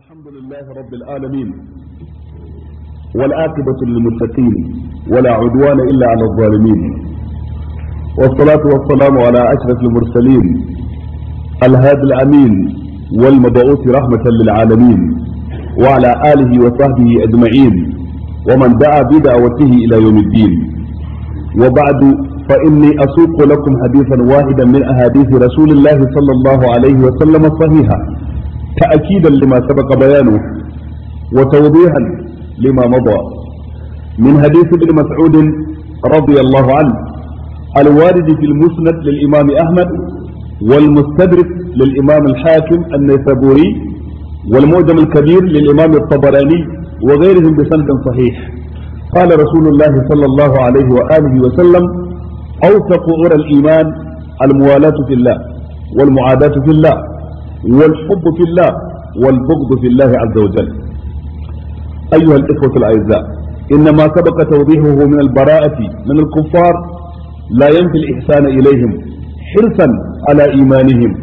الحمد لله رب العالمين والعاقبة للمتقين ولا عدوان إلا على الظالمين والصلاة والسلام على أشرف المرسلين الهادي الأمين والمبعوث رحمة للعالمين وعلى آله وصحبه أجمعين ومن دعا بدعوته إلى يوم الدين وبعد فإني أسوق لكم حديثا واحدا من أحاديث رسول الله صلى الله عليه وسلم الصحيحة تأكيدا لما سبق بيانه وتوضيحا لما مضى من حديث ابن مسعود رضي الله عنه الوارد في المسند للإمام أحمد والمستدرك للإمام الحاكم النيسابوري والمعجم الكبير للإمام الطبراني وغيرهم بسند صحيح قال رسول الله صلى الله عليه وآله وسلم أوثق أرى الإيمان الموالاة في الله والمعاداة في الله والحب في الله والبغض في الله عز وجل أيها الإخوة الأعزاء إن ما سبق توضيحه من البراءة من الكفار لا ينفي الإحسان إليهم حرصا على إيمانهم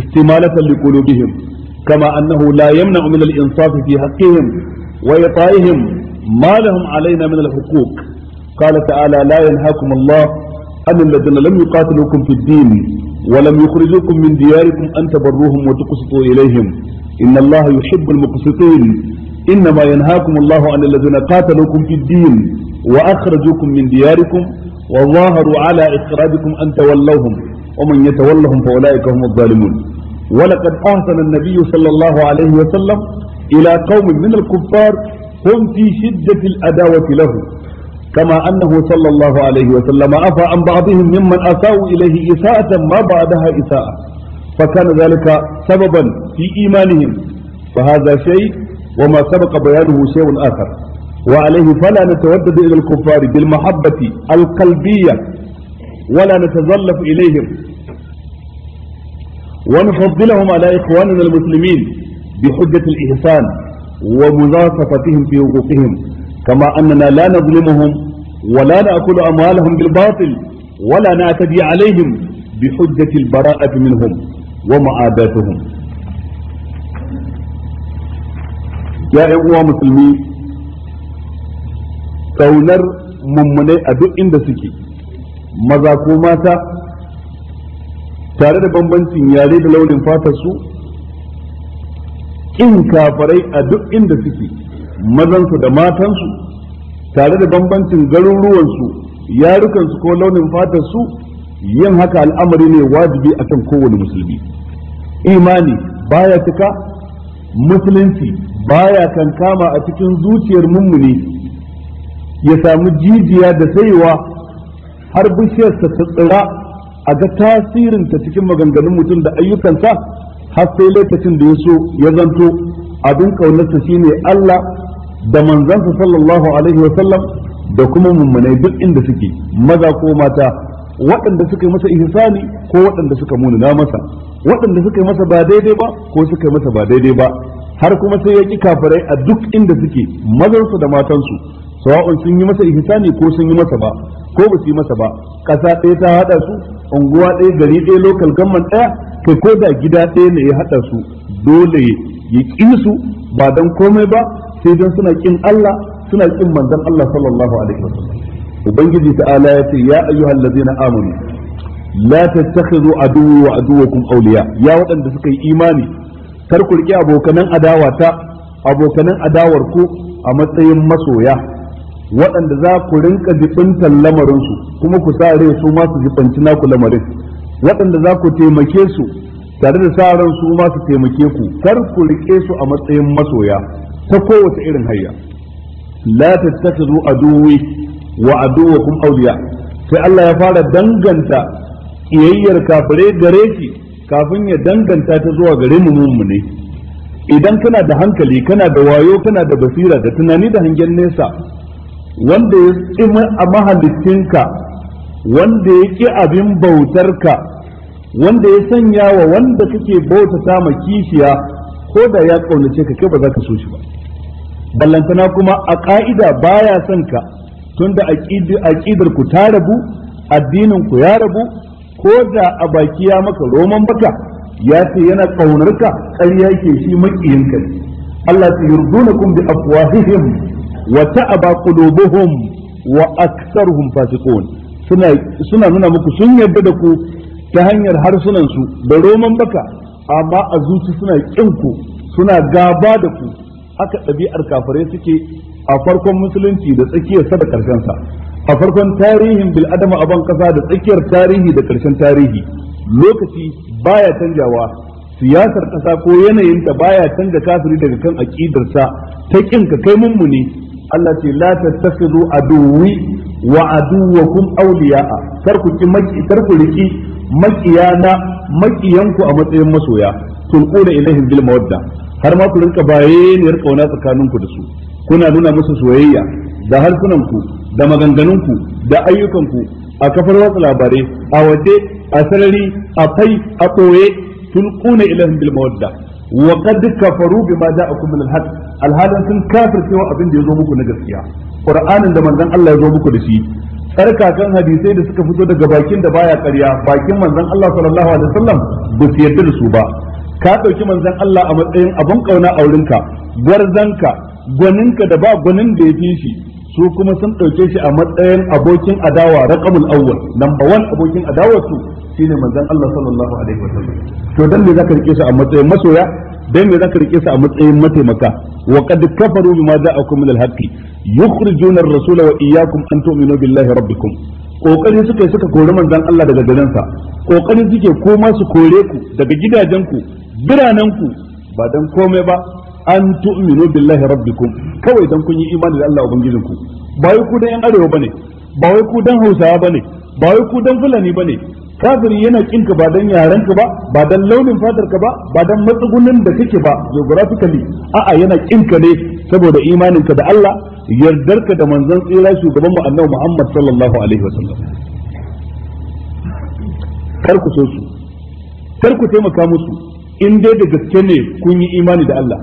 استمالة لقلوبهم كما أنه لا يمنع من الإنصاف في حقهم وإعطائهم ما لهم علينا من الحقوق قال تعالى لا ينهاكم الله أن الذين لم يقاتلوكم في الدين ولم يخرجوكم من دياركم أن تبروهم وتقسطوا إليهم إن الله يحب المقسطين إنما ينهاكم الله عن الذين قاتلوكم في الدين وأخرجوكم من دياركم وظاهروا على إخراجكم أن تولوهم ومن يتولهم فأولئك هم الظالمون ولقد أحسن النبي صلى الله عليه وسلم إلى قوم من الكفار هم في شدة الأداوة له كما أنه صلى الله عليه وسلم عفى عن بعضهم ممن أساءوا إليه إساءة ما بعدها إساءة فكان ذلك سببا في إيمانهم فهذا شيء وما سبق بيانه شيء آخر وعليه فلا نتودد إلى الكفار بالمحبة القلبية ولا نتزلف إليهم ونفضلهم على إخواننا المسلمين بحجة الإحسان ومزاصفتهم في حقوقهم كما أننا لا نظلمهم ولا نأكل أموالهم بالباطل ولا نعتدي عليهم بحجة البراءة منهم ومعاداتهم يا أيها المسلمين kaunar mummunai a duk inda suke maza ko mata tare da bambancin yare da launin fatar su in kafarai a duk inda suke mazansu da matansu tare da bambancin garuruwansu yarukansu ko launin fatarsu yin haka al'amari ne wajibi a kan kowane musulmi imani baya cika musulunci baya kankama a cikin zuciyar mummuni ya samu jijiya da saiwa har bishiyarsa ta tsira a ga tasirinta cikin maganganun mutum da ayyukansa har sai lokacin da ya so ya zanto abin kaunarsa shine Allah da manzansa sallallahu alaihi wasallam da kuma mummunai duk inda suke maza ko mata waɗanda suka yi masa ihsani ko waɗanda suka munana masa waɗanda suka yi masa ba daidai ba ko suka yi masa ba daidai ba har kuma sai ya ki kafirai a duk inda suke mazansu da matansu sawa'un sun yi masa ihsani ko sun yi masa ba ko ba su yi masa ba ƙasa ɗaya ta haɗa su unguwa ɗaya gari ɗaya lokal gamman ɗaya kai ko da gida ɗaya ne ya haɗa su dole ya ƙi su ba don komai ba sai don suna kin Allah suna kin manzon Allah sallallahu alaihi wasallam ubangiji ta'ala ya ce ya ayyuhal ladzina amanu la tattakhidhu aduwwa wa aduwwakum awliya ya waɗanda suka yi imani kar ku riƙe abokanan adawata abokanan adawar ku a matsayin masoya waɗanda za ku rinka jibintar lamarinsu kuma ku sa rai su ma su jibanci naku lamarin waɗanda za ku taimake su tare da sa ran su masu su taimake ku kar ku riƙe su a matsayin masoya ta kowace irin hayya la tattakhidhu aduwi wa aduwakum awliya sai Allah ya fara danganta kiyayyar kafire gare shi kafin ya danganta ta zuwa gare mu mummune idan kana da hankali kana da wayo kana da basira da tunani da hangen nesa wanda ya tsima a mahallicinka wanda ya ki abin bautarka wanda ya sanya wa wanda kake bautata ma kishiya ko da ya kaunace ka kai ba za ka so shi ba ballantana kuma a ka'ida baya son ka tunda ƙidar ku ta rabu addinin ku ya rabu ko da a baki ya maka roman baka ya ce yana ƙaunar ka ƙarya ke shi makiyin ka Allah ta kun bi afwahihim wa ta'aba qulubuhum wa aktsaruhum fasiqun suna suna nuna muku sun yarda da ku ta hanyar harsunan su da roman baka amma a zuci suna ƙinku, suna gaba da ku haka ɗabi'ar kafirai suke a farkon musulunci da tsakiyar sa da karshensa sa a farkon tarihin bil adama a ban kasa da tsakiyar tarihi da karshen tarihi lokaci baya canjawa siyasar kasa ko yanayinta baya canja kafiri daga kan aqidarsa ta kin ka kai mummuni Allah ce la tattakhidhu aduwwi wa aduwwakum awliya'a kar ki maki kar ku riki makiyana makiyanku a matsayin masoya tulquna ilaihim bil mawadda har ma ku rinka baye ne kauna tsakaninku da su kuna nuna musu soyayya da ku da maganganunku da ayyukanku a kafar watsa labarai a waje a sarari a fai a ɓoye tulquna ilahum bil mawadda wa qad kafaru bima ja'akum min al-haq alhalin sun kafircewa abin da yazo muku na gaskiya qur'anin da manzon Allah yazo muku da shi tsarkakan hadisai da suka fito daga bakin da baya karya, bakin manzon Allah sallallahu alaihi wasallam ba su yarda da su ba ka ɗauki manzon Allah a matsayin abin ƙauna a wurinka gwarzanka gwaninka da ba gwanin da ya fi shi su kuma sun ɗauke shi a matsayin abokin adawa raqamul awwal Namba one abokin adawar su shine manzon Allah sallallahu alaihi wasallam to dan me zaka rike su a matsayin masoya dan me zaka rike su a matsayin mataimaka wa qad kafaru bima ja'akum min al-haqqi yukhrijuna ar-rasula wa iyyakum an tu'minu billahi rabbikum kokari suka suka kori manzan Allah daga garinsa kokari suke koma su kore ku daga gidajenku biranenku ba dan komai ba an tu'minu billahi rabbikum kawai dan kun yi imani da Allah ubangijinku ba wai ku dan yan arewa bane ba wai ku dan hausawa bane ba wai ku dan fulani bane kafiri yana kinka ba dan yaran ka ba ba dan launin fatar ka ba ba dan matsugunin da kake ba geographically a'a yana ƙinka ne saboda imanin ka da Allah yardar da manzon tsira shugaban mu annabi Muhammad sallallahu alaihi wasallam kar ku so su kar ku taimaka musu in dai da gaske ne kun yi imani da Allah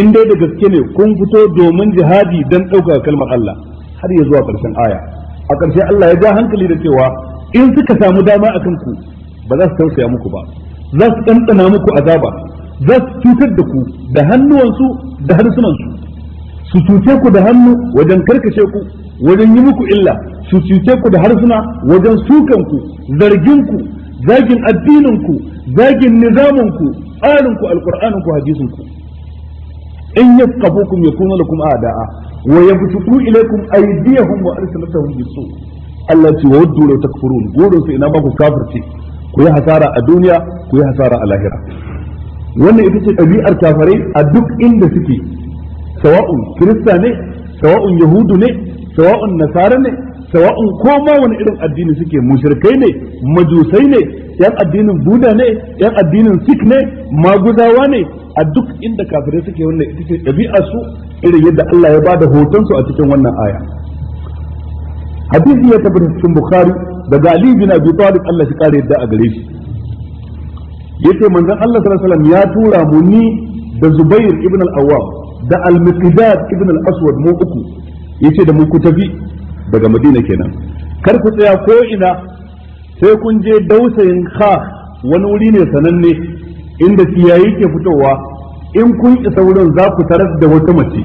in dai da gaske ne kun fito domin jihadi dan ɗaukaka kalmar Allah har ya zuwa ƙarshen aya a ƙarshe Allah ya ga hankali da cewa in suka samu dama akan ku ba za su tausaya muku ba za su ɗanɗana muku azaba za su cutar da ku da hannuwansu da harsunansu su cuce ku da hannu wajen karkashe ku wajen yi muku illa su cuce ku da harsuna wajen sukan ku zargin ku zagin addininku zagin nizaminku tsarinku alqur'aninku hadisinku in yafqahukum kuma lakum a'da'a wa yabsutu ilaykum aydiyahum wa arsalatuhum bisu Allah ce wa waddu law takfurun gurin su ina ba ku kafirce ku yi hasara a duniya ku yi hasara a lahira wannan ita ce ɗabi'ar kafirai a duk inda suke sawa'un kirista ne sawa'un yahudu ne sawa'un nasara ne sawa'un ko ma wani irin addini suke mushrikai ne majusai ne yan addinin buda ne yan addinin sikh ne maguzawa ne a duk inda kafirai suke wannan ita ce ɗabi'a su irin yadda Allah ya bada hoton su a cikin wannan aya hadisi ya tabbata cikin bukhari daga ali bin abi talib Allah shi kare yadda a gare shi yace manzon Allah sallallahu alaihi wasallam ya tura mu ni da Zubair ibn al-Awwam da al-Miqdad ibn al-Aswad mu uku yace da mu ku tafi daga madina kenan kar ku tsaya ko ina sai kun je dausayin kha wani wuri ne sananne inda ciyayi ke fitowa in kun isa wurin za ku tarar da wata mace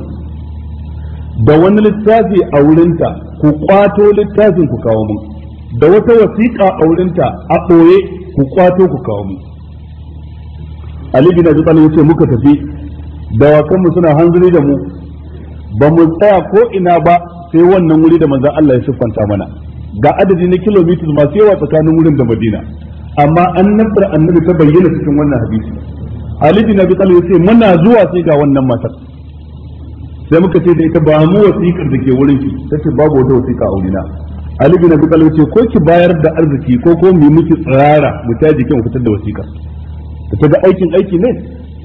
da wani littafi a wurinta ku kwato littafin ku kawo mun da wata wasiƙa a wurinta a ɓoye ku kwato ku kawo mun Ali bin Abi Talib yace muka tafi da wakanmu suna hanzari da mu ba mu tsaya ko ina ba sai wannan wuri da manzan Allah ya siffanta mana ga adadi na kilomitar masu yawa tsakanin wurin da Madina amma an nabar annabi ta bayyana cikin wannan hadisi Ali bin Abi Talib sai muna zuwa sai ga wannan matar sai muka ce da ita ba mu wasiƙar da ke wurin ki ce babu wata wasiƙa a wurina Ali bin Abi Talib ce ko ki bayar da arziki ko ko mu miki tsirara mu ta jikin fitar da wasiƙar ta ga aikin aiki ne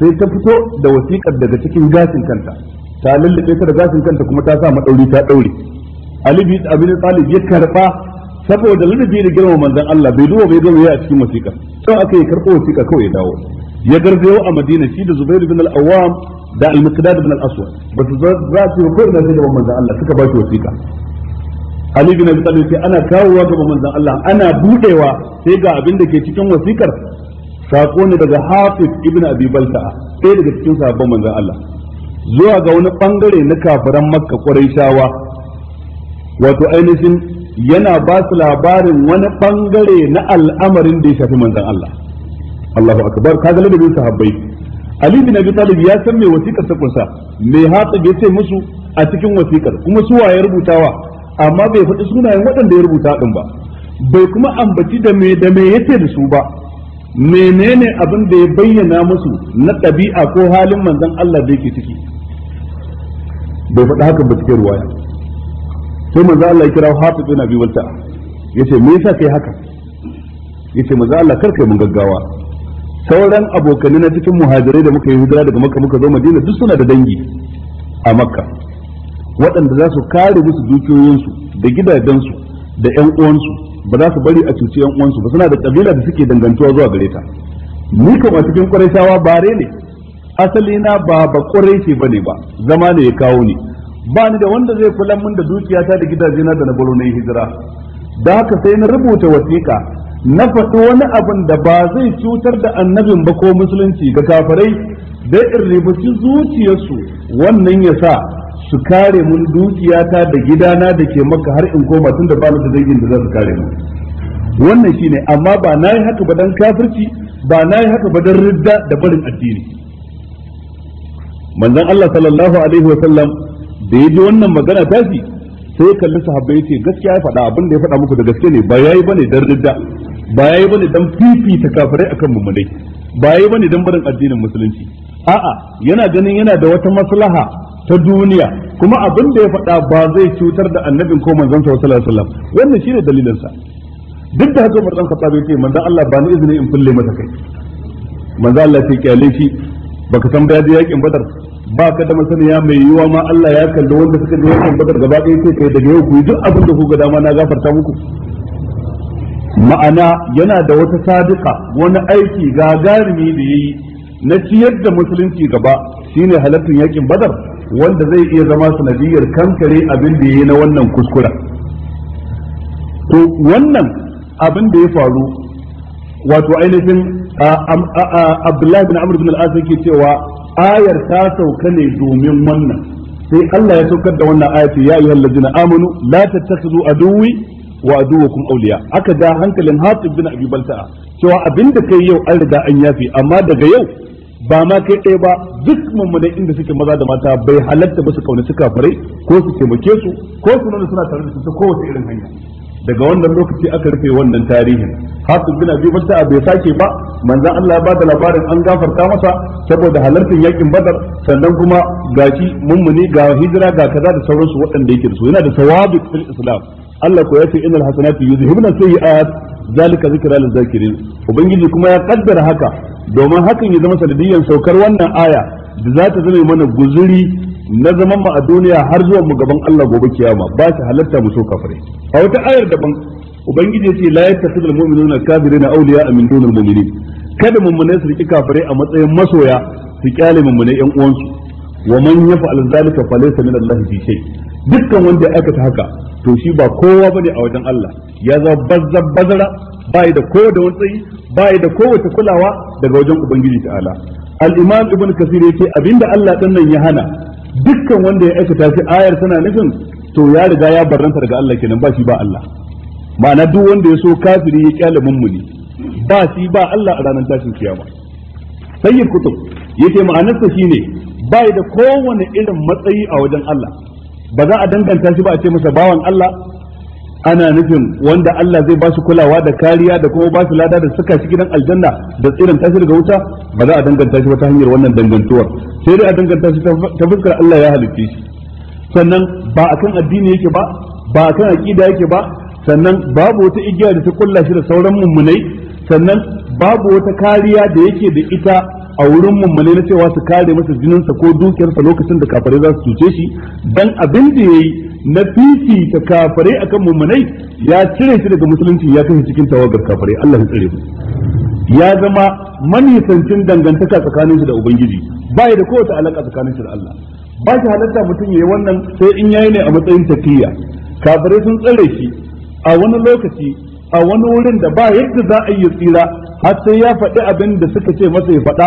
sai ta fito da wasiƙar daga cikin gashin kanta ta lullube ta da gashin kanta kuma ta sa madauri ta daure Ali bin Abi Talib ya karba saboda ladabi da girma manzon Allah bai duba bai gama ya a cikin wasiƙa to aka yi karɓo wasiƙa kawai ya dawo ya garzayo a Madina shi da Zubair bin Al-Awwam da Al-Miqdad bin Al-Aswad ba su za su yi koyar da gaban manzon Allah suka ba shi wasiƙa Ali bin Abi Talib sai ana kawowa gaban manzon Allah ana budewa sai ga abin da ke cikin wasiƙar sako ne daga Hafiz ibn Abi Balta'a sai daga cikin sahabban manzon Allah zuwa ga wani bangare na kafiran makka ƙuraishawa wato ainihin yana ba su labarin wani bangare na al'amarin da ya shafi manzon Allah Allahu akbar kaga ladabin sahabbai Ali bin Abi Talib ya san me wasiƙar ta kunsa me hatsa ya ce musu a cikin wasiƙar kuma su waye rubutawa amma bai faɗi sunayen waɗanda ya rubuta din ba bai kuma ambaci da me da me yace da su ba menene abin da ya bayyana musu na ɗabi'a ko halin manzon Allah da yake ciki bai faɗa hakan ba cikin ruwaya sai manzo Allah ya kira Hafiz bin Abi Walta yace me yasa kai haka yace manzo Allah kar kai mun gaggawa sauran abokanai na cikin muhajirai da muka yi hijira daga Makka muka zo Madina duk suna da dangi a Makka waɗanda za su kare musu dukiyoyinsu da gidajensu da ƴan uwansu ba za su bari a cuci ƴan uwansu ba suna da kabila da suke dangantuwa zuwa gare ta ni kuma cikin Qurayshawa bare ne asali na ba ba ne ne ba zama ne ya kawo ni ba ni da wanda zai kula min da dukiyata da gidajena da na baro na hijira da haka sai na rubuta wasiƙa na faɗi wani abin da ba zai cutar da annabin ba ko musulunci ga kafirai dai in ribaci zuciyarsu wannan ya sa su kare mun dukiyata da gidana da ke maka har in koma tun da ba da dangin da za su kare mu wannan shine amma ba na yi haka ba dan kafirci ba na yi haka ba dan ridda da barin addini manzon Allah sallallahu alaihi wasallam da ya ji wannan magana ta tashi sai kalli sahabbai yace gaskiya ya faɗa abin da ya faɗa muku da gaske ne ba yayi bane dan ridda ba yayi bane dan fifita kafirai akan mummunai ba yayi bane dan barin addinin musulunci a'a yana ganin yana da wata maslaha ta duniya kuma abin da ya faɗa ba zai cutar da annabin ko manzon sa sallallahu alaihi wasallam wannan shine dalilin sa duk da haka Umar dan Khattab yace manzon Allah ba ni izini in fulle masa kai manzon Allah sai kyale shi baka san da yakin badar ba ka da masaniya mai yiwa ma Allah ya kalli wanda suka ga wannan badar gaba ɗaya sai kai daga yau ku yi duk abin da ku ga dama na gafarta muku ma'ana yana da wata sadika wani aiki gagarumi da yayi na ciyar da musulunci gaba shine halattun yakin badar wanda zai iya zama sanadiyar kankare abin da yayi na wannan kuskura to wannan abin da ya faru wato ainihin Abdullahi bin Amr bin Al-As yake cewa ayar ta sauka ne domin wannan sai Allah ya saukar da wannan ayati ya ayyuhal ladina amanu la tattakhudu aduwwi wa aduwwakum awliya aka da hankalin Hatib bin Abi Balta'a cewa abinda kai yau an riga an yafi amma daga yau ba ma kai ɗaya ba duk mummunai inda suke maza da mata bai halatta ba su kauna suka fare ko su taimake su ko su nuna suna tare da su ta kowace irin hanya daga wannan lokaci aka rufe wannan tarihin hafiz bin abi balta'a bai sake ba manzon Allah ya bada labarin an gafarta masa saboda halartar yakin badar sannan kuma gashi mummuni ga hijira ga kaza da sauransu waɗanda yake da su yana da sawabi fil islam Allah ko ya yace innal hasanati yuzhibna sayi'at zalika zikra lil zakirin ubangiji kuma ya kaddara haka domin hakan ya zama sanadiyyan saukar wannan aya da za ta zama mana guzuri na zaman mu a duniya har zuwa mu gaban Allah gobe kiyama ba shi halatta mu so kafare. a wata ayar daban ubangiji ce la yattakhidul mu'minuna kafirina awliya min dunil mu'minin kada mu su riki kafare a matsayin masoya su kyale mummune yan uwansu wa man yaf'al zalika falaysa min Allah fi shay dukkan wanda ya aikata haka to shi ba kowa bane a wajen Allah ya zama bazzab bazara bai da kowa da wani bai da kowace kulawa daga wajen ubangiji ta'ala al-imam ibn kasir yake abinda Allah dan nan ya hana dukkan wanda ya aikata shi ayar tana nufin to ya riga ya barranta daga Allah kenan ba shi ba Allah ma'ana duk wanda ya so kafiri ya kyale mummuni ba shi ba Allah a ranar tashin kiyama sayyid kutub yace ma'anarsa shine bai da kowane irin matsayi a wajen Allah ba za a danganta shi ba a ce masa bawan Allah ana nufin wanda Allah zai ba kulawa da kariya da kuma ba lada da suka shi gidan aljanna da tsirin tashi daga wuta ba za a danganta shi wata hanyar wannan dangantuwar sai dai a danganta shi ta fuskar Allah ya halitta shi sannan ba akan addini yake ba ba akan aqida yake ba sannan babu wata igiya da ta kulla shi da sauran mummunai sannan babu wata kariya da yake da ita a wurin mummale na cewa su kare masa jininsa ko dukiyarsa lokacin da kafare za su cuce shi dan abin da ya yi na ta kafare akan mummunai ya cire shi daga musulunci ya kai cikin tawagar kafare Allah ya tsare mu ya zama manisancin dangantaka tsakanin shi da ubangiji ba da kowace alaka tsakanin shi da Allah ba shi halatta mutum yayi wannan sai in yayi ne a matsayin tafiya kafare sun tsare shi a wani lokaci a wani wurin da ba yadda za a yi tsira har sai ya faɗi abin da suka ce masa ya faɗa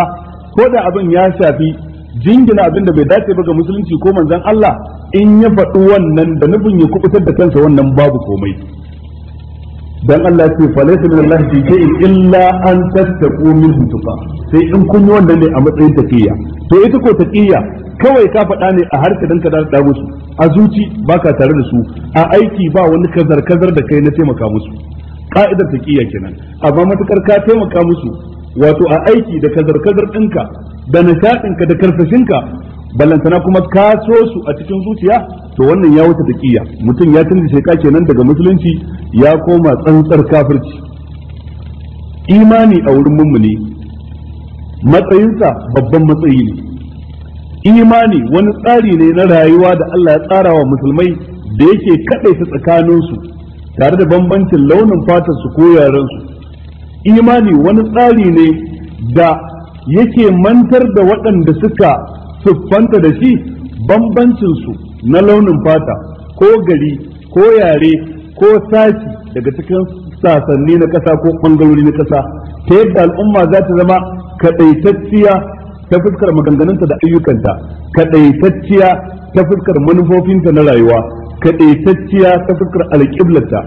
ko da abin ya shafi jingina abin da bai dace ba ga musulunci ko manzon Allah in ya faɗi wannan da nufin ya kubutar da kansa wannan babu komai dan Allah ya ce laysa min Allah shay'in illa an tattaqu min tuqa sai in kun yi wannan ne a matsayin taqiya to ita ko taqiya kawai ka faɗa ne a harka danka ka da musu a zuci baka tare da su a aiki ba wani kazar kazar da kai na taimaka musu ka'idar ta kiyaye kenan amma matukar ka taimaka musu wato a aiki da kazar-kazar ɗinka da nishaɗinka da karfashinka ballantana kuma ka so su a cikin zuciya to wannan ya wuce taqiyya mutum ya canza sheka kenan daga musulunci ya koma tsantsar kafirci imani a wurin mummuni matsayinsa babban matsayi ne imani wani tsari ne na rayuwa da Allah ya tsara wa musulmai da yake kaɗai ta tsakaninsu tare da bambancin launin fatar su ko yarensu, su imani wani tsari ne da yake mantar da waɗanda suka siffanta da shi bambancin su na launin fata ko gari ko yare ko sashi daga cikin sasanni na ƙasa ko ɓangarori na ƙasa ta yadda al'umma za ta zama kaɗaitacciya ta fuskar maganganunta da ayyukanta kaɗaitacciya ta fuskar manufofinta na rayuwa kadaitacciya ta fuskar alƙiblata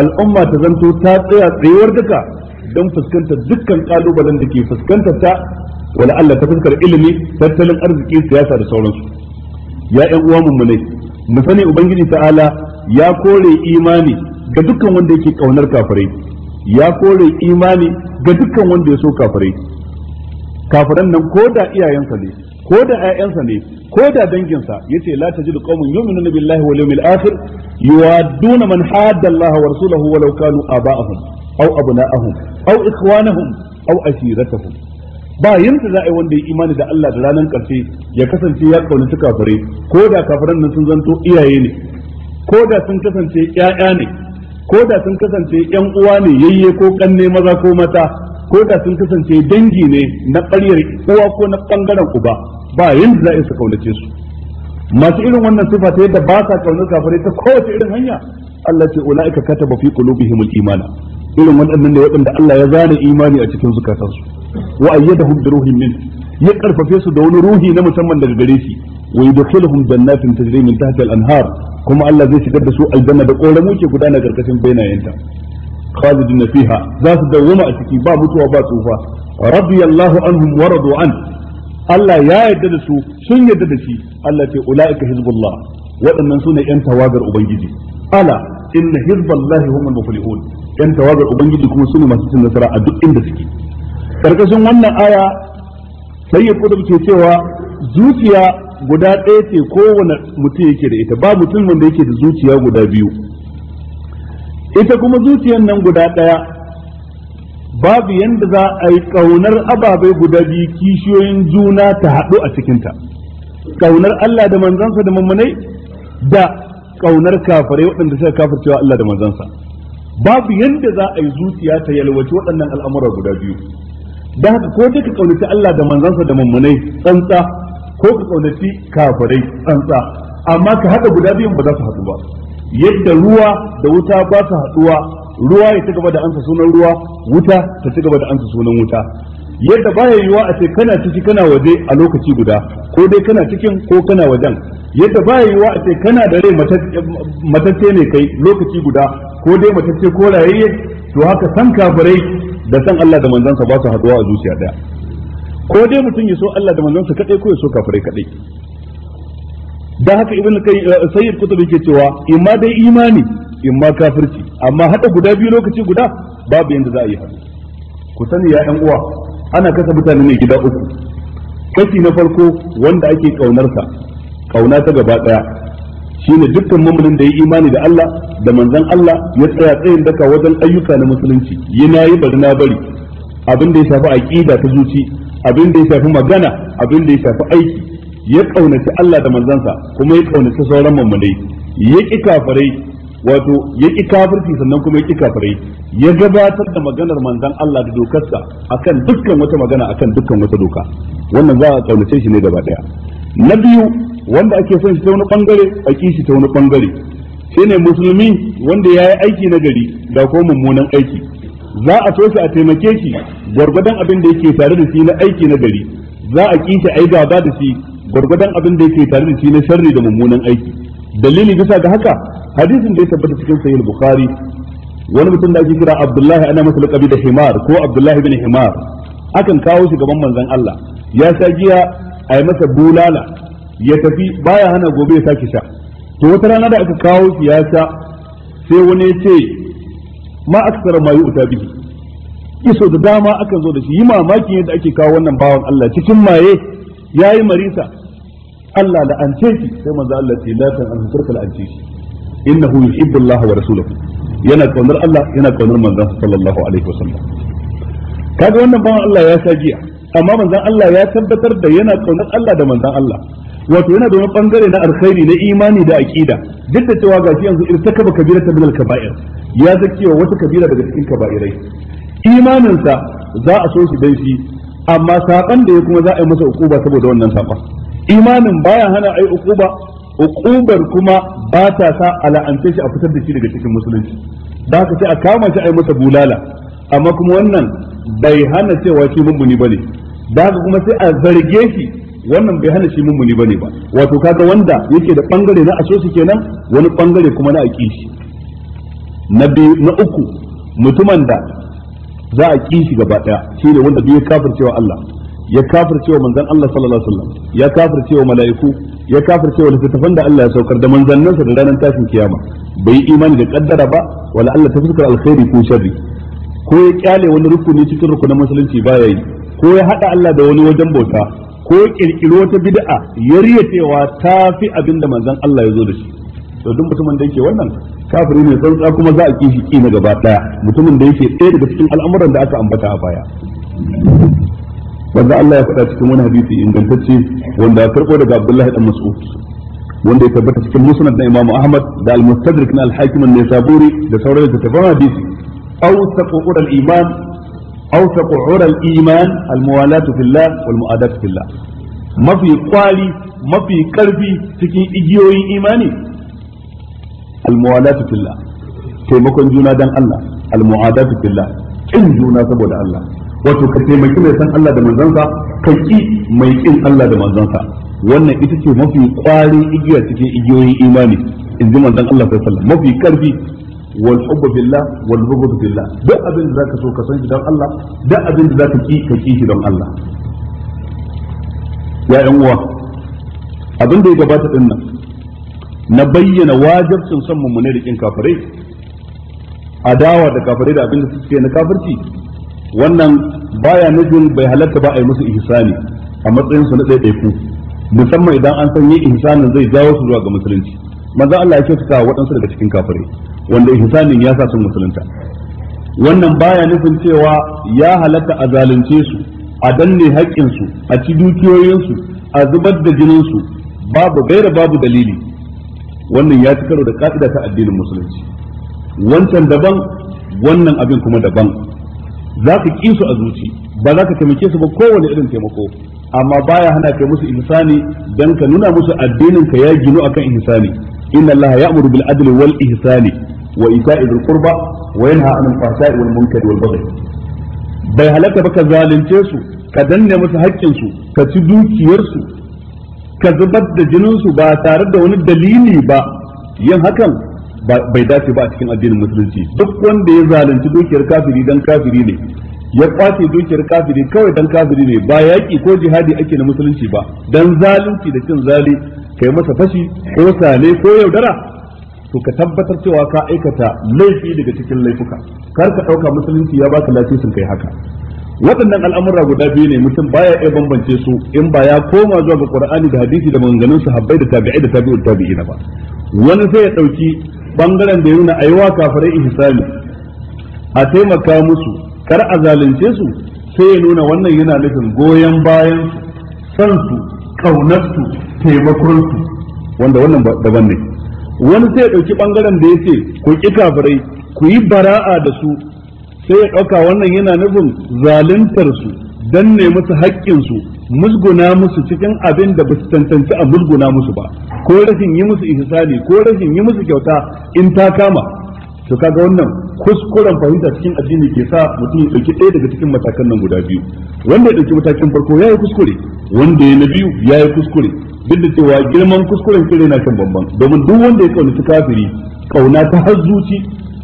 al'umma ta zanto ta tsaya tsayuwar duka don fuskantar dukkan kalubalen da ke fuskantar ta wala Allah ta fuskar ilimi tattalin arziki siyasa da sauransu ya ƴan uwa ne, mu sani ubangiji ta'ala ya kore imani ga dukkan wanda yake kaunar kafirai ya kore imani ga dukkan wanda ya so kafirai kafiran nan ko da iyayensa ne ko da ƴaƴansa ne ko da danginsa yace la tajidu qauman yu'minuna billahi wal yawmil akhir yuwadduna man hadda Allah wa rasulahu walau kanu aba'ahum aw abna'ahum aw ikhwanahum aw ashiratahum ba yanda za a yi wanda ya imani da Allah da ranar ƙarshe ya kasance ya kaunaci kafirai ko da kafiran nan sun zanto iyaye ne ko da sun kasance ƴaƴa ne ko da sun kasance ƴan uwa ne yayye ko kanne maza ko mata ko da sun kasance dangi ne na ƙaryar uwa ko na ɓangaren uba ba yanda za isa kaunace su masu irin wannan sifa ta yadda ba sa kaunar kafirai ta kowace irin hanya Allah ce ulaika ba fi qulubihimul imana irin waɗannan ne waɗanda Allah ya zana imani a cikin zukatansu wa ayyadahum bi ruhin min ya karfafe su da wani ruhi na musamman daga gare shi wa yudkhiluhum jannatin tajri min tahtiha al-anhar kuma Allah zai shigar da su aljanna da koramu ke gudana karkashin bainayenta khalidun fiha za su dawwama a ciki ba mutuwa ba tsufa radiyallahu anhum wa radu Allah ya yarda da su sun yarda da shi Allah ce ulaika hizbullah waɗannan su ne 'yan tawagar ubangiji ala inna hizballahi humul muflihun 'yan tawagar ubangiji kuma su ne masu cin nasara a duk inda suke karkashin wannan aya sai ya kudurce cewa zuciya guda ɗaya ce kowane mutum yake da ita ba mutum wanda yake da zuciya guda biyu ita kuma zuciyar nan guda ɗaya babu yadda za a yi kaunar ababai guda biyu kishiyoyin juna ta haɗu a cikinta kaunar Allah da manzansa da mummunai da kaunar kafirai waɗanda suka cewa Allah da manzansa babu yadda za a yi zuciya ta yalwaci waɗannan al'amura guda biyu da haka ko duka kaunaci Allah da manzansa da mummunai tsantsa ko ka kaunaci kafirai tsantsa amma ka haɗa guda biyun ba za su haɗu ba yadda ruwa da wuta ba su haɗuwa ruwa ya ci gaba da ansa sunan ruwa wuta ta ci gaba da ansa sunan wuta yadda baya yiwa a ce kana ciki kana waje a lokaci guda ko dai kana cikin ko kana wajen yadda baya yiwa a ce kana da rai matacce ne kai lokaci guda ko dai matacce ko rayayye to haka san kafirai da san Allah da manzansa ba su haduwa a zuciya daya ko dai mutum ya so Allah da manzansa kadai ko ya so kafirai kadai dan haka ibn sayyid kutubi ke cewa imma dai imani in ma kafirci amma hada guda biyu lokaci guda babu yanda za a yi hadu ku sani ya yan uwa ana kasa mutane ne gida uku kashi na farko wanda ake kaunarsa kauna ta gaba daya shine dukkan muminin da ya imani da Allah da manzon Allah ya tsaya tsayin daka wajen ayyuka na musulunci yana yi bari na bari abin da ya shafi aqida ta zuci abin da ya shafi magana abin da ya shafi aiki ya kaunaci Allah da manzansa kuma ya kaunaci sauran mummunai ya ki wato ya ƙi kafirci sannan kuma ya ƙi kafirai ya gabatar da maganar manzan Allah da dokarsa akan dukkan wata magana akan dukkan wata doka wannan za a kaunace shi ne gaba daya na biyu wanda ake son shi ta wani bangare a ƙi shi ta wani bangare shine musulmi wanda ya yi aiki na gari da ko mummunan aiki za a so shi a taimake shi gwargwadon abin da yake tare da shi na aiki na gari za a ƙi shi a yi gaba da shi gwargwadon abin da yake tare da shi na sharri da mummunan aiki dalili bisa ga haka hadisin da ya tabbata cikin sahih bukhari wani mutum da ake kira abdullahi ana masa lakabi da himar ko abdullahi bin himar akan kawo shi gaban manzon Allah ya sa giya a yi masa bulala ya tafi baya hana gobe ya sake sha to wata rana da aka kawo shi ya sha sai wani ya ce ma aksara ma yi uta bihi iso da dama akan zo da shi yi mamakin yadda ake kawo wannan bawan Allah cikin maye ya yi marisa Allah da ance ki sai manzo Allah ce la tan an kurkal ance shi innahu yuhibbu Allah wa rasuluhu yana kaunar Allah yana kaunar manzon sallallahu alaihi wasallam kaga wannan bawan Allah ya sha giya amma manzon Allah ya tabbatar da yana kaunar Allah da manzon Allah wato yana da wani bangare na alkhairi na imani da aqida duk da cewa gashi yanzu irtakaba kabiratan min al-kaba'ir ya zakiwa wata kabira daga cikin kaba'irai imaninsa za a so shi dan shi amma saban da ya kuma za a yi masa ukuba saboda wannan saban imanin baya hana ai ukuba ukubar kuma ba ta sa ala'ance shi a fitar da shi daga cikin musulunci Ba ka sai a kama shi ai masa bulala amma kuma wannan bai hana cewa shi mummuni bane da ka kuma sai a zarge shi wannan bai hana shi mummuni bane ba wato kaga wanda yake da bangare na asosi kenan wani bangare kuma na aki shi na na uku mutumin da za a kishi shi gaba daya shine wanda bai kafircewa Allah ya kafircewa manzan Allah sallallahu alaihi wasallam ya kafircewa mala'iku ya kafircewa littattafan da Allah ya saukar da manzannansa da ranar tashin kiyama bai yi imani da kaddara ba wala Allah ta fuskar alkhairi ko sharri ko ya kyale wani rukuni cikin rukunin musulunci baya yi ko ya hada Allah da wani wajen bauta ko ya kirkiri wata bid'a ya riya cewa ta fi abin da Allah ya zo da shi to duk mutumin da yake wannan kafiri ne tsantsa kuma za a kishi ki na gaba daya mutumin da yake ɗaya daga cikin al'amuran da aka ambata a baya wanda Allah ya faɗa cikin wani hadisi ingantacce wanda karɓo daga Abdullahi dan Mas'ud wanda ya tabbata cikin musnad na Imam Ahmad da al-Mustadrak na al-Hakim an-Nisaburi da sauran littattafan hadisi aw taqur al-iman aw taqur al-iman al-muwalatu fillah wal mu'adatu fillah mafi kwali mafi karfi cikin igiyoyin imani al-muwalatu fillah taimakon juna dan Allah al-mu'adatu fillah kin juna saboda Allah wato ka taimaki mai san Allah da manzansa ka ki mai kin Allah da manzansa wannan ita ce mafi kwarin igiya cikin igiyoyin imani in ji manzon Allah sallallahu alaihi mafi karfi wal hubbu billah wal bughd billah duk abin da zaka so ka san shi don Allah duk abin da zaka ki ka ki shi don Allah ya yan uwa abin da ya gabata din nan na bayyana wajibcin son mummune da kin kafirai adawa da kafirai da abin da suke na kafirci wannan baya nufin bai halatta ba a yi musu ihsani a matsayin su na ɗaiɗaiku musamman idan an san yin ihsanin zai jawo su zuwa ga musulunci maza Allah ya kyautata waɗansu daga cikin kafirai wanda ihsanin ya sa sun musulunta wannan baya nufin cewa ya halatta a zalunce su a danne su a ci dukiyoyinsu a zubar da jininsu babu gaira babu dalili wannan ya ci karo da ka'ida ta addinin musulunci wancan daban wannan abin kuma daban za ka ƙi su a zuci ba za ka taimake su ba kowane irin taimako amma baya hana kai musu ihsani dan ka nuna musu addinin ka ya ginu akan ihsani inna allaha ya'muru bil adli wal ihsani wa ita'i dhil qurba wa yanha 'anil fahsha'i wal munkari wal baghi bai halaka ba ka zalunce su ka danne musu haƙƙin su ka ci dukiyar su ka zubar da jinin su ba tare da wani dalili ba yin hakan bai dace ba a cikin addinin musulunci duk wanda ya zalunci dukiyar kafiri dan kafiri ne ya kwace dukiyar kafiri kawai dan kafiri ne ba yaƙi ko jihadi ake na musulunci ba dan zalunci da cin zali kai masa fashi ko sale ko yaudara to ka tabbatar cewa ka aikata laifi daga cikin laifuka kar ka ɗauka musulunci ya baka lasisin kai haka waɗannan al'amura guda biyu ne mutum baya iya bambance su in ba ya koma zuwa ga qur'ani da hadisi da maganganun sahabbai da tabi'ai da tabi'ut tabi'ina ba wani sai ya ɗauki bangaren da ya nuna aiwa kafirai ihsani a taimaka musu kar a zalunce su sai ya nuna wannan yana nufin goyon bayan san su kaunar su taimakon su wanda wannan daban ne wani sai ya ɗauki bangaren da ya ce ku ƙi kafirai ku yi bara'a da su sai ya ɗauka wannan yana nufin zaluntar su danne musu haƙƙinsu. su musguna musu cikin abin da ba su tantance a musguna musu ba ko rashin yi musu ihsani ko rashin yi musu kyauta in ta kama to kaga wannan kuskuren fahimta cikin addini ke sa mutum ya dauki ɗaya daga cikin matakan nan guda biyu wanda ya dauki matakin farko yayi kuskure wanda ya na biyu yayi kuskure duk da cewa girman kuskuren kire na kan bambam domin duk wanda ya kaunaci kafiri kauna ta har zuci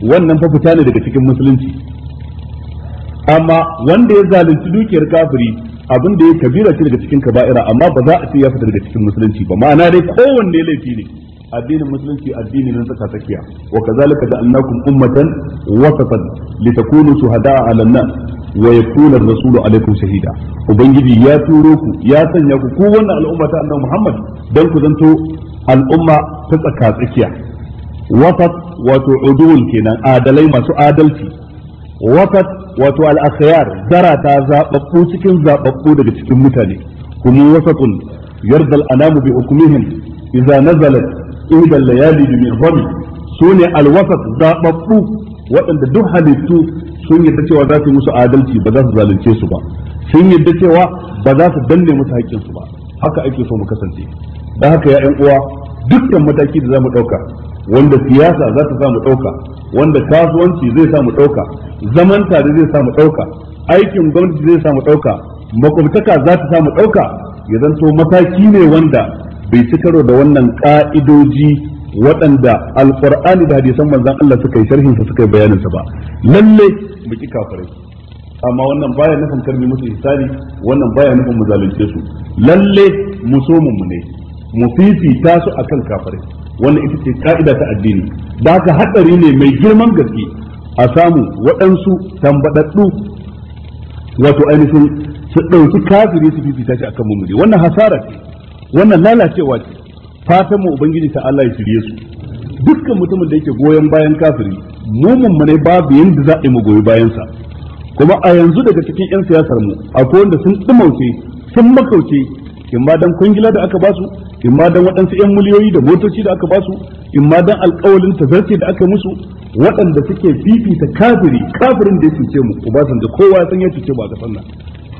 wannan fa fita ne daga cikin musulunci amma wanda ya zalunci dukiyar kafiri abin da ya kabira ce daga cikin kaba'ira amma ba za a ce ya fita daga cikin musulunci ba ma'ana dai kowanne laifi ne addinin musulunci addini na tsaka tsakiya wa kazalika ja'alnakum ummatan wasatan litakunu shuhada'a 'alan nas wa yakuna ar-rasulu 'alaykum shahida ubangiji ya turo ku ya sanya ku ku wannan al'umma ta annabi Muhammad dan ku zanto al'umma ta tsaka tsakiya wasat wato udul kenan adalai masu adalci wasat wato al-akhyar zarata zaɓaɓɓu cikin zaɓaɓɓu daga cikin mutane kuma wasatun yarda al bi hukmihim idza nazalat inda layali bi mirhami sune al-wasat waɗanda duk halittu sun yarda cewa za su musu adalci ba za su zalunce su ba sun yarda cewa ba za su danne musu haƙƙin su ba haka ake so mu kasance dan haka ya uwa dukkan mataki da za mu ɗauka wanda siyasa za ta sa mu ɗauka wanda kasuwanci zai sa ɗauka zaman tare zai sa ɗauka aikin gwamnati zai sa ɗauka makwabtaka za ta sa ɗauka ya zanto mataki ne wanda bai ci karo da wannan ƙa'idoji waɗanda alƙur'ani da hadisan manzon Allah suka yi sharhin sa suka yi bayanin sa ba lalle mu ki kafirai amma wannan baya nufin karni musu hisari wannan baya nufin mu zalunce su lalle mu so mu ne mu fifita su akan kafirai wannan ita ce ka'ida ta addini da haka hatsari ne mai girman gaske a samu waɗansu tambaɗaɗɗu wato ainihin su ɗauki kafiri su fifita shi akan mummuri. wannan hasara ce wannan lalacewa ce fatan mu ubangiji ta Allah ya shirye su dukkan mutumin da yake goyon bayan kafiri mumun mu ne babu yanda za a mu goyi bayan sa kuma a yanzu daga cikin yan siyasar mu akwai wanda sun dumauce sun makauce kin ma dan kungila da aka basu in ma dan waɗansu 'yan miliyoyi da motoci da aka ba su in ma dan alƙawalin tazarce da aka musu waɗanda suke fifita kafiri kafirin da ya cuce mu obasanjo kowa san ya cuce ba a ƙasar nan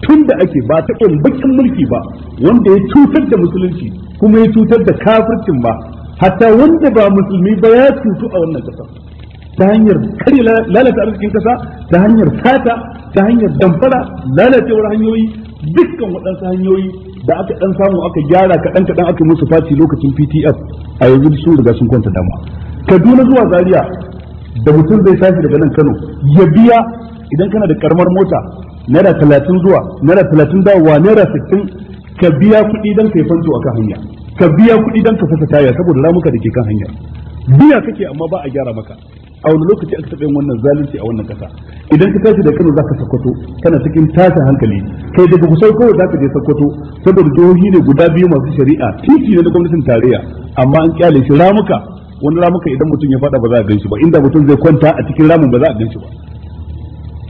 tun da ake ba ta bakin mulki ba wanda ya cutar da musulunci kuma ya cutar da kafircin ba hatta wanda ba musulmi ba ya cutu a wannan ƙasar ta hanyar kare lalata arzikin ƙasa ta hanyar sata ta hanyar damfara lalacewar hanyoyi dukkan waɗansu hanyoyi da aka dan samu aka gyara kaɗan kaɗan aka musu faci lokacin PTF a yanzu sun riga sun kwanta dama Kaduna zuwa Zaria da mutum zai tashi daga nan Kano ya biya idan kana da karamar mota naira talatin zuwa naira talatin dawowa naira sittin ka biya kuɗi don ka yi fanto a kan hanya ka biya kuɗi don ka fasa taya saboda ramuka da ke kan hanya biya kake amma ba a gyara maka a wani lokaci aka taɓa yin wannan zalunci a wannan ƙasa idan ka tashi da Kano zaka sakwato kana cikin tashin hankali kai daga kusau kawai zaka je sakwato saboda jihohi ne guda biyu masu shari'a titi ne na gwamnatin tarayya amma an kyale shi ramuka wani ramuka idan mutum ya faɗa ba za a gan ba inda mutum zai kwanta a cikin ramin ba za a gan shi ba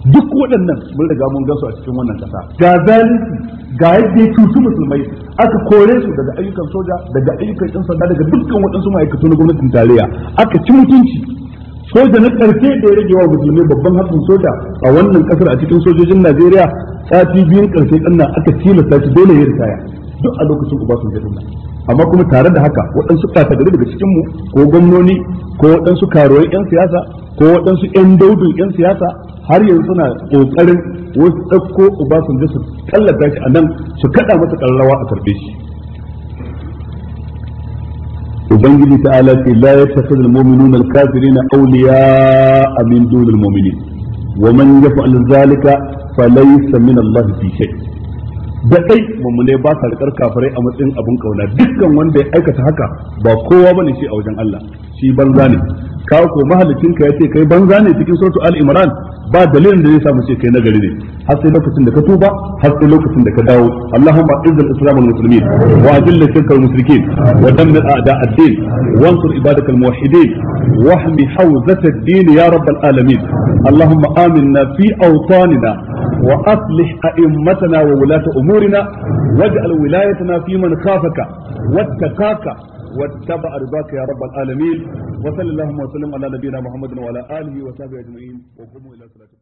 duk waɗannan mun riga mun gasu a cikin wannan ƙasa ga zalunci ga yadda ya cutu musulmai aka kore su daga ayyukan soja daga ayyukan ɗan sanda daga dukkan waɗansu ma'aikatu na gwamnatin tarayya aka ci mutunci soja na karshe da ya rage wa musulmai babban haƙƙin soja a wannan kasar a cikin sojojin Najeriya sati biyun karshe din aka tilasta shi dole ya ritaya duk a lokacin Obasanjo din amma kuma tare da haka waɗansu katagari daga cikin mu ko gwamnoni ko waɗansu karuwar 'yan siyasa ko waɗansu 'yan daudun 'yan siyasa har yanzu suna ƙoƙarin wasu ɗauko Obasanjo su tallata shi a nan su kaɗa masa ƙararrawa a karfe shi ubangiji ta'ala ce la da al-mu'minuna na kafirina awliya min dunil wa man yaf'al dhalika falai min Allah fi da dai mummune ba sa rikar kafirai a matsayin abun kauna dukkan wanda ya aikata haka ba kowa bane shi a wajen Allah shi banza ne ka ko mahallicin ka yace kai banza ne cikin suratul al imran ba dalilin da zai sa mu ce kai nagari ne har sai lokacin da ka tuba har sai lokacin da ka dawo allahumma izzil islam wal muslimin wa adilla shirka al mushrikin wa dammir a'da ad-din wa ansur muwahhidin wa hawzat ad-din ya rabb alamin allahumma aminna fi awtanina وأصلح أئمتنا وولاة أمورنا واجعل ولايتنا في من خافك واتقاك واتبع رضاك يا رب العالمين وصلى اللهم وسلم على نبينا محمد وعلى آله وصحبه أجمعين وقوموا إلى صلاتكم